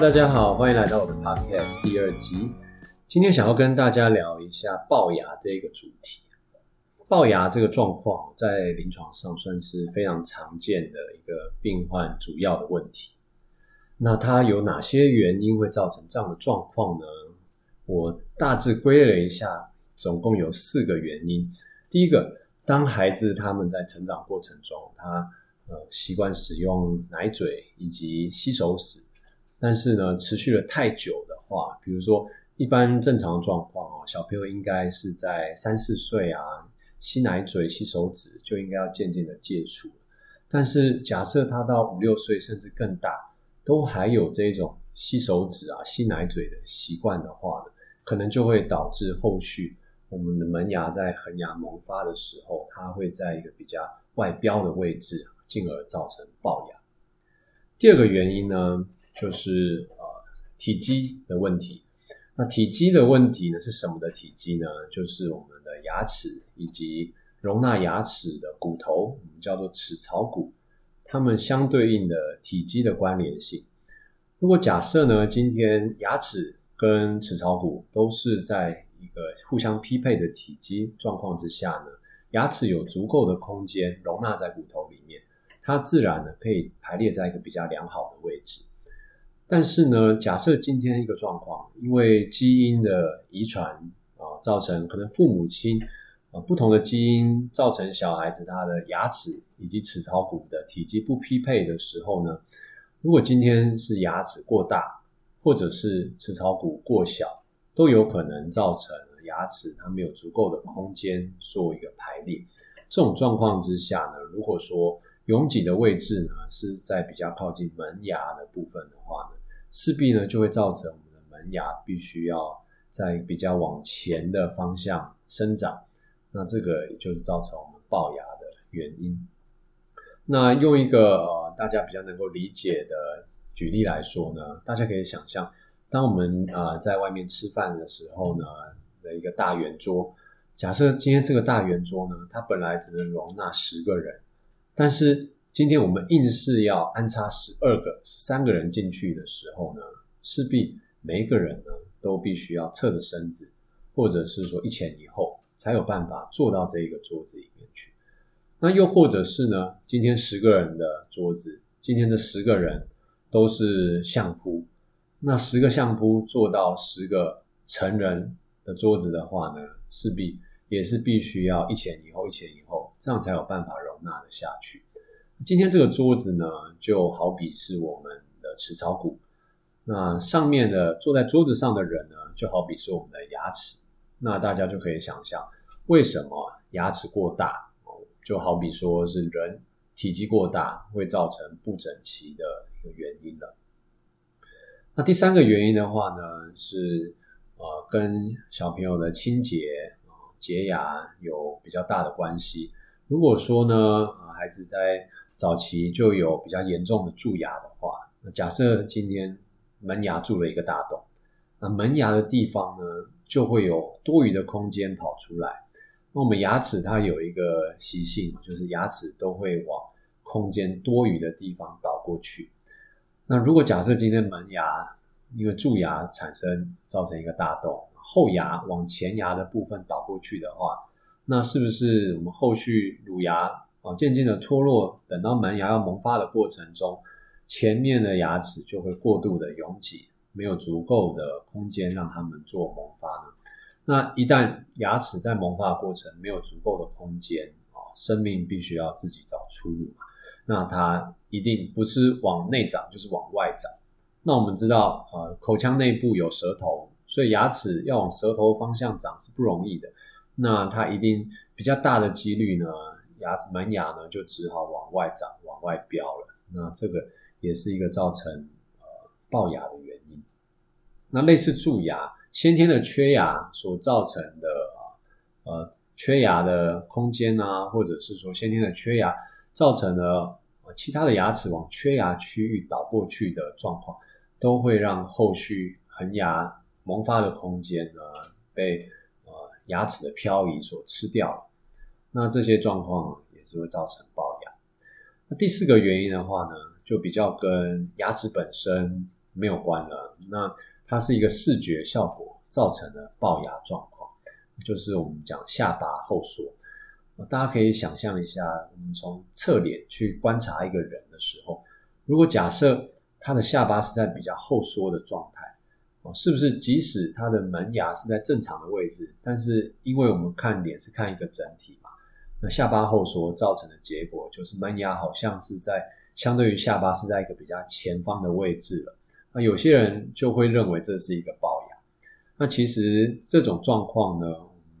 大家好，歡迎來到我的 Podcast 第二集。今天想要跟大家聊一下暴牙這個主題。暴牙這個狀況在臨床上算是非常常見的一個病患主要的問題。那它有哪些原因會造成這樣的狀況呢？我大致歸類了一下，總共有四個原因。第一個，當孩子他們在成長過程中，他習慣使用奶嘴以及吸手時。但是呢，持續了太久的話，比如說一般正常狀況啊，小朋友應該是在三四歲啊，吸奶嘴、吸手指就應該要漸漸的戒除了。但是假設他到五六歲甚至更大，都還有這種吸手指啊、吸奶嘴的習慣的話呢，可能就會導致後續我們的門牙在恆牙萌發的時候，它會在一個比較外標的位置，啊，進而造成暴牙。第二個原因呢？就是呃體積的問題。那體積的問題呢，是什麼的體積呢？就是我們的牙齒以及容納牙齒的骨頭，我們叫做齒槽骨，它們相對應的體積的關聯性。如果假設呢，今天牙齒跟齒槽骨都是在一個互相匹配的體積狀況之下呢，牙齒有足夠的空間容納在骨頭裡面，它自然呢可以排列在一個比較良好的位置。但是呢，假設今天一個狀況，因為基因的遺傳啊，造成可能父母親啊不同的基因造成小孩子他的牙齒以及齒槽骨的體積不匹配的時候呢，如果今天是牙齒過大，或者是齒槽骨過小，都有可能造成牙齒它沒有足夠的空間做一個排列。這種狀況之下呢，如果說擁擠的位置呢，是在比較靠近門牙的部分的話呢，勢必呢就會造成我們的門牙必須要在比較往前的方向生長，那這個也就是造成我們暴牙的原因。那用一個呃大家比較能夠理解的舉例來說呢，大家可以想象，當我們啊、呃、在外面吃飯的時候呢，有一個大圓桌，假設今天這個大圓桌呢，它本來只能容納十個人，但是。今天我們硬是要安插十二個、十三個人進去的時候呢，勢必每一個人呢都必須要側着身子，或者是說一前一後，才有辦法坐到這一個桌子裡面去。那又或者是呢，今天十個人的桌子，今天這十個人都是相撲，那十個相撲坐到十個成人的桌子的話呢，勢必也是必須要一前一後、一前一後，這樣才有辦法容納得下去。今天這個桌子呢，就好比是我們的齒槽骨。那上面的坐在桌子上的人呢，就好比是我們的牙齒。那大家就可以想象為什麼牙齒過大，就好比說是人體積過大，會造成不整齊的一個原因了。那第三個原因的話呢，是呃，跟小朋友的清潔、潔牙有比較大的關係。如果說呢，孩子在早期就有比較嚴重的蛀牙的話，那假設今天門牙蛀了一個大洞，那門牙的地方呢，就會有多餘的空間跑出來。那我們牙齒它有一個習性，就是牙齒都會往空間多餘的地方倒過去。那如果假設今天門牙因為蛀牙產生造成一個大洞，後牙往前牙的部分倒過去的話，那是不是我們後續乳牙？哦，漸漸的脫落，等到門牙要萌發的過程中，前面的牙齒就會過度的擁擠，沒有足夠的空間讓他們做萌發呢。那一旦牙齒在萌發的過程沒有足夠的空間，哦，生命必須要自己找出路嘛。那它一定不是往內長，就是往外長。那我們知道，啊、呃，口腔內部有舌頭，所以牙齒要往舌頭方向長是不容易的。那它一定比較大的幾率呢。牙齒門牙呢，就只好往外長、往外飆了。那這個也是一個造成呃暴牙的原因。那類似蛀牙、先天的缺牙所造成的呃缺牙的空間啊，或者是說先天的缺牙造成了、呃、其他的牙齒往缺牙區域倒過去的狀況，都會讓後續恆牙萌發的空間呢、啊、被呃牙齒的漂移所吃掉了。那這些狀況也是會造成暴牙。那第四個原因的話呢，就比較跟牙齒本身沒有關了。那它是一個視覺效果造成的暴牙狀況，就是我們講下巴後縮。大家可以想象一下，我們從側臉去觀察一個人的時候，如果假設他的下巴是在比較後縮的狀態，哦，是不是即使他的門牙是在正常的位置，但是因為我們看臉是看一個整體。那下巴後縮造成的結果，就是門牙好像是在相對於下巴是在一個比較前方的位置了。那有些人就會認為這是一個暴牙。那其實這種狀況呢，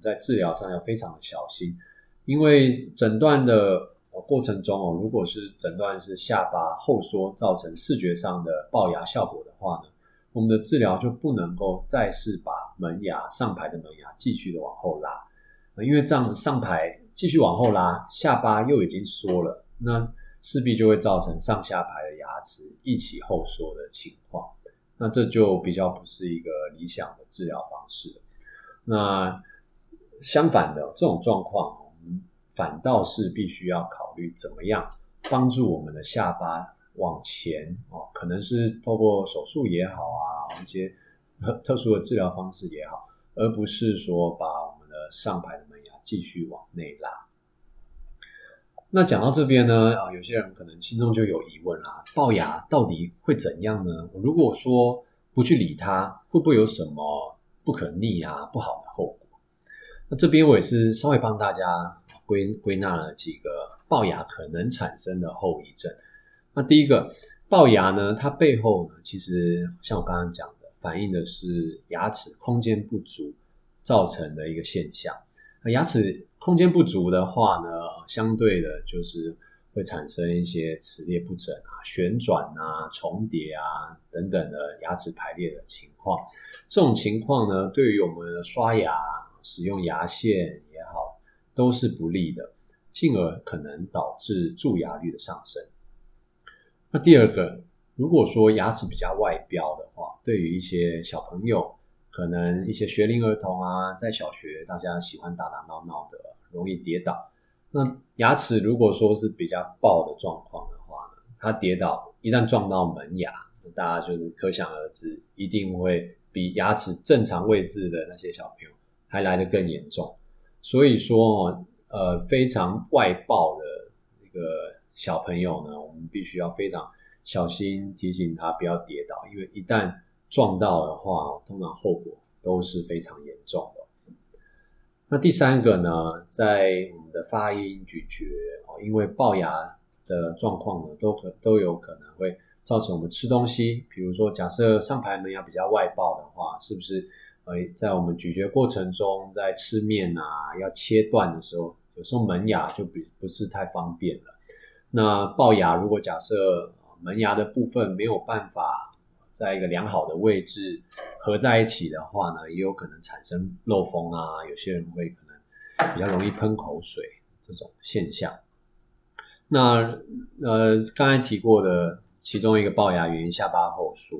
在治療上要非常的小心，因為診斷的過程中哦，如果是診斷是下巴後縮造成視覺上的暴牙效果的話呢，我們的治療就不能夠再次把門牙，上排的門牙繼續的往後拉，因為這樣子上排。繼續往後拉，下巴又已經縮了，那勢必就會造成上下排的牙齒一起後縮的情況，那這就比較不是一個理想的治療方式。那相反的這種狀況，我們反倒是必須要考慮怎麼樣幫助我們的下巴往前哦，可能是透過手術也好啊，一些特殊的治療方式也好，而不是說把我們的上排的。繼續往內拉，那講到這邊呢，啊，有些人可能心中就有疑問啦、啊：暴牙到底會怎樣呢？如果說不去理它，會不會有什麼不可逆啊，不好的後果？那這邊我也是稍微幫大家歸歸納了幾個暴牙可能產生的後遺症。那第一個，暴牙呢，它背後呢，其實像我剛剛講的，反映的是牙齒空間不足造成的一個現象。那牙齒空間不足的話呢，相對的就是會產生一些齒列不整啊、旋轉啊、重疊啊等等的牙齒排列的情況。這種情況呢，對於我們的刷牙、使用牙線也好，都是不利的，進而可能導致蛀牙率的上升。那第二個，如果說牙齒比較外暴的話，對於一些小朋友。可能一些學齡兒童啊，在小學，大家喜歡打打鬧鬧的，容易跌倒。那牙齒如果說是比較暴的狀況的話呢，他跌倒一旦撞到門牙，大家就是可想而知，一定會比牙齒正常位置的那些小朋友還來得更嚴重。所以說，呃，非常外暴的一個小朋友呢，我們必須要非常小心提醒他不要跌倒，因為一旦。撞到的話，通常後果都是非常嚴重的。那第三個呢，在我們的發音、咀嚼哦，因為齙牙的狀況呢，都可都有可能會造成我們吃東西。比如說，假設上排門牙比較外爆的話，是不是呃，在我們咀嚼過程中，在吃麵啊要切斷的時候，有時候門牙就比不是太方便了。那齙牙如果假設門牙的部分沒有辦法，在一個良好的位置合在一起的話呢，也有可能產生漏風啊。有些人會可能比較容易噴口水這種現象。那呃，剛才提過的其中一個齙牙原因，下巴後縮。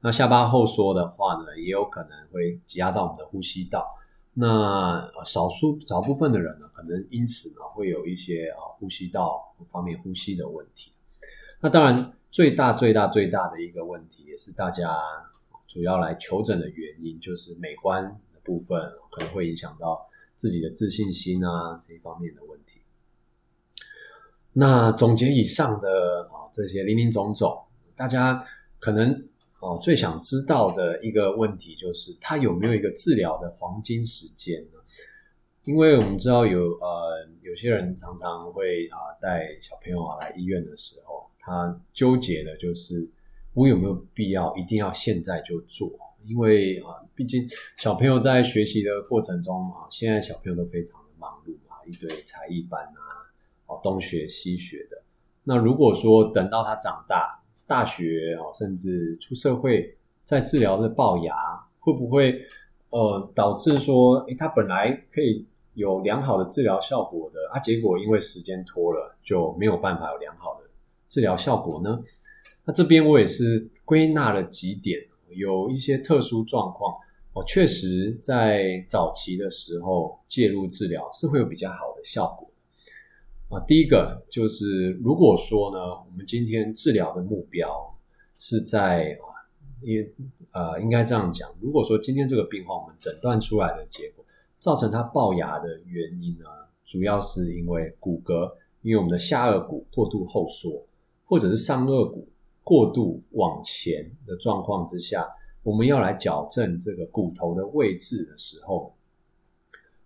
那下巴後縮的話呢，也有可能會擠壓到我們的呼吸道。那少數少部分的人呢，可能因此呢，會有一些啊、哦、呼吸道不方便呼吸的問題。那當然，最大最大最大的一個問題，也是大家主要來求診的原因，就是美觀的部分可能會影響到自己的自信心啊，這一方面的問題。那總結以上的啊、哦、這些林林總總，大家可能啊、哦、最想知道的一個問題就是，它有沒有一個治療的黃金時間呢？因為我們知道有呃有些人常常會啊、呃、帶小朋友啊來醫院的時候。他、啊、糾結的就是，我有沒有必要一定要現在就做？因為啊，畢竟小朋友在學習的過程中啊，現在小朋友都非常的忙碌啊，一堆才藝班啊，啊，東學西學的。那如果說等到他長大，大學哦、啊，甚至出社會，再治療的龅牙，會不會呃導致說誒，他本來可以有良好的治療效果的啊，結果因為時間拖了，就沒有辦法有良好。治療效果呢？那這邊我也是歸納了幾點，有一些特殊狀況哦，確實在早期的時候介入治療是會有比較好的效果啊、呃。第一個就是，如果說呢，我們今天治療的目標是在，也呃，應該這樣講，如果說今天這個病患我們診斷出來的結果，造成他龅牙的原因呢，主要是因為骨骼，因為我們的下顎骨過度後縮。或者是上顎骨過度往前的狀況之下，我們要來矯正這個骨頭的位置的時候，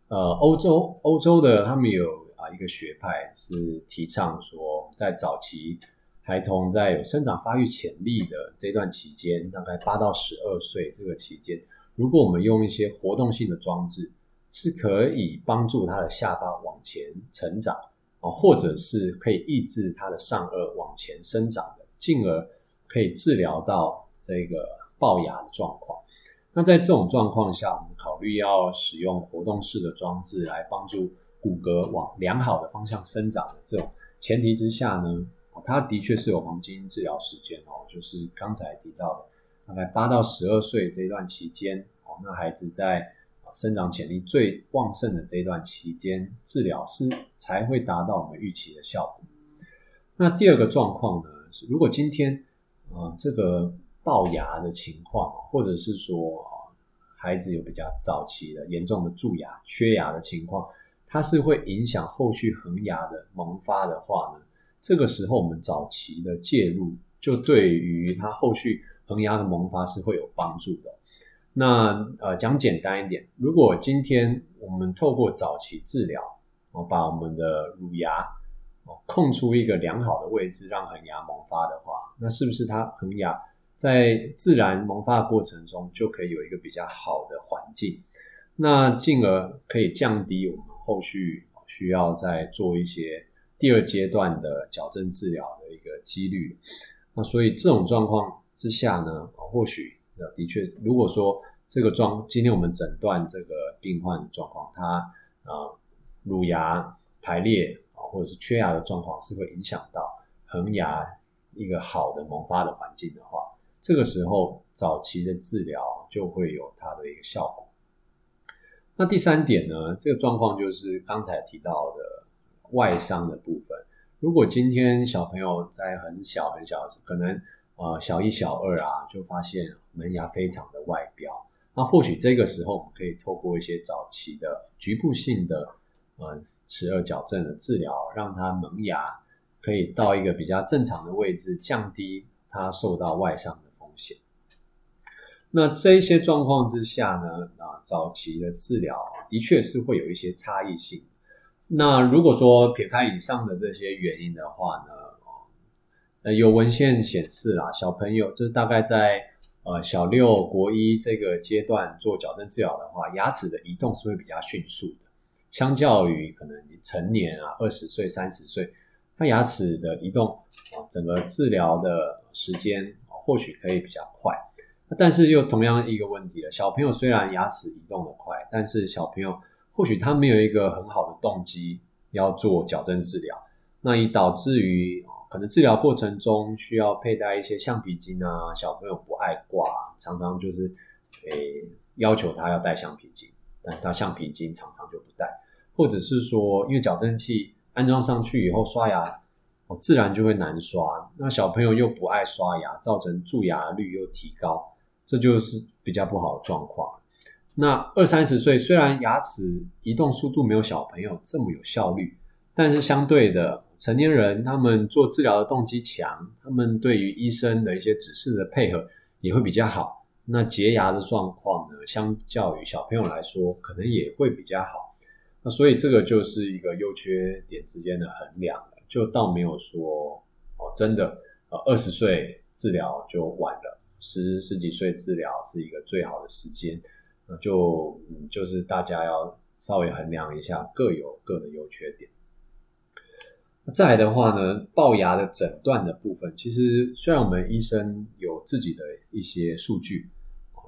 呃，歐洲歐洲的他們有啊一個學派是提倡說，在早期孩童在有生長發育潛力的這段期間，大概八到十二歲這個期間，如果我們用一些活動性的裝置，是可以幫助他的下巴往前成長。或者是可以抑制它的上顎往前生長的，進而可以治療到這個齙牙的狀況。那在這種狀況下，我們考慮要使用活動式的裝置來幫助骨骼往良好的方向生長的這種前提之下呢，它的確是有黃金治療時間哦，就是剛才提到的大概八到十二歲這段期間哦，那孩子在。生長潛力最旺盛的這一段期間，治療是才會達到我們預期的效果。那第二個狀況呢，是如果今天，啊、呃、這個齙牙的情況，或者是說啊、呃，孩子有比較早期的嚴重的蛀牙、缺牙的情況，它是會影響後續恆牙的萌發的話呢，這個時候，我們早期的介入，就對於它後續恆牙的萌發是會有幫助的。那呃，講簡單一點，如果今天我們透過早期治療，我、哦、把我們的乳牙哦，空出一個良好的位置，讓恆牙萌發的話，那是不是它恆牙在自然萌發的過程中就可以有一個比較好的環境？那進而可以降低我們後續需要再做一些第二階段的矯正治療的一個幾率。那所以這種狀況之下呢，哦、或許。那的確，如果說這個狀，今天我們診斷這個病患狀況，他啊、呃、乳牙排列啊，或者是缺牙的狀況，是會影響到恆牙一個好的萌發的環境的話，這個時候早期的治療就會有它的一個效果。那第三點呢，這個狀況就是剛才提到的外傷的部分。如果今天小朋友在很小很小的時候，可能啊、呃、小一小二啊，就發現。門牙非常的外表，那或許這個時候我們可以透過一些早期的局部性的呃齒顎矯正的治療，讓他門牙可以到一個比較正常的位置，降低他受到外傷的風險。那這些狀況之下呢，啊，早期的治療的確是會有一些差異性。那如果說撇開以上的這些原因的話呢，呃，有文獻顯示啦，小朋友就是大概在。呃，小六國一這個階段做矯正治療的話，牙齒的移動是會比較迅速的，相較於可能你成年啊，二十歲、三十歲，他牙齒的移動啊，整個治療的時間或許可以比較快。但是又同樣一個問題了，小朋友雖然牙齒移動得快，但是小朋友或許他沒有一個很好的動機要做矯正治療，那也導致於。可能治療過程中需要佩戴一些橡皮筋啊，小朋友不愛掛，常常就是，誒、欸、要求他要戴橡皮筋，但是他橡皮筋常常就不戴，或者是說因為矯正器安裝上去以後刷牙哦，自然就會難刷，那小朋友又不愛刷牙，造成蛀牙率又提高，這就是比較不好的狀況。那二三十歲雖然牙齒移動速度沒有小朋友這麼有效率，但是相對的。成年人他們做治療的動機強，他們對於醫生的一些指示的配合也會比較好。那潔牙的狀況呢，相較於小朋友來說，可能也會比較好。那所以這個就是一個優缺點之間的衡量了。就倒沒有說哦，真的呃二十歲治療就晚了，十十幾歲治療是一個最好的時間。那就嗯，就是大家要稍微衡量一下，各有各的優缺點。再來的話呢，暴牙的診斷的部分，其實雖然我們醫生有自己的一些數據，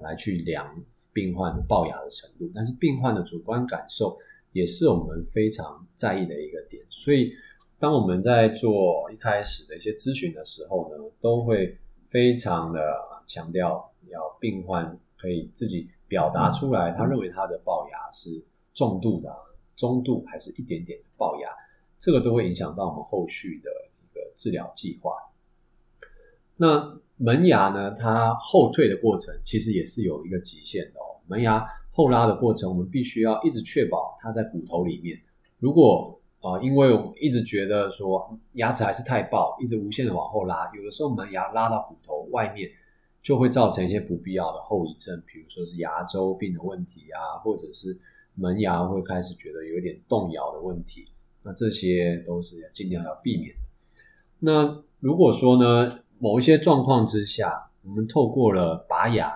來去量病患的暴牙的程度，但是病患的主觀感受也是我們非常在意的一個點。所以，當我們在做一開始的一些諮詢的時候呢，都會非常的強調，要病患可以自己表達出來，他認為他的暴牙是重度的、中度還是一點點的暴牙。這個都會影響到我們後續的一個治療計劃。那門牙呢？它後退的過程其實也是有一個極限的哦。門牙後拉的過程，我們必須要一直確保它在骨頭裡面。如果啊、呃，因為我們一直覺得說牙齒還是太暴，一直無限的往後拉，有的時候門牙拉到骨頭外面，就會造成一些不必要的後遺症，比如說是牙周病的問題啊，或者是門牙會開始覺得有點動搖的問題。那這些都是要盡量要避免的。那如果說呢，某一些狀況之下，我們透過了拔牙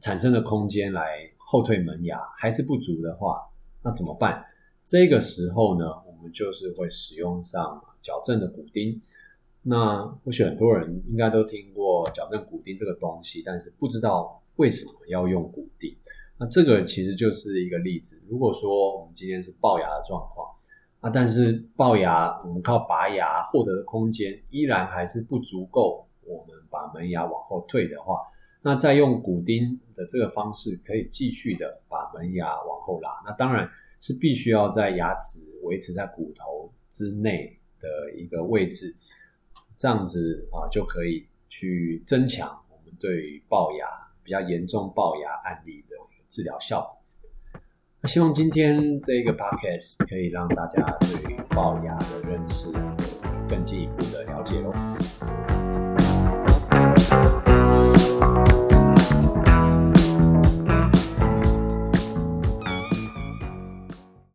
產生的空間來後退門牙還是不足的話，那怎麼辦？這個時候呢，我們就是會使用上矯正的骨釘。那或許很多人應該都聽過矯正骨釘這個東西，但是不知道為什麼要用骨釘。那這個其實就是一個例子，如果說我們今天是齙牙的狀況。啊，但是齙牙，我們靠拔牙獲得的空間依然還是不足夠，我們把門牙往後退的話，那再用骨釘的這個方式，可以繼續的把門牙往後拉。那當然是必須要在牙齒維持在骨頭之內的一個位置，這樣子啊，就可以去增強我們對於齙牙比較嚴重齙牙案例的治療效果。希望今天這個 podcast 可以讓大家對於齙牙的認識有更進一步的了解哦。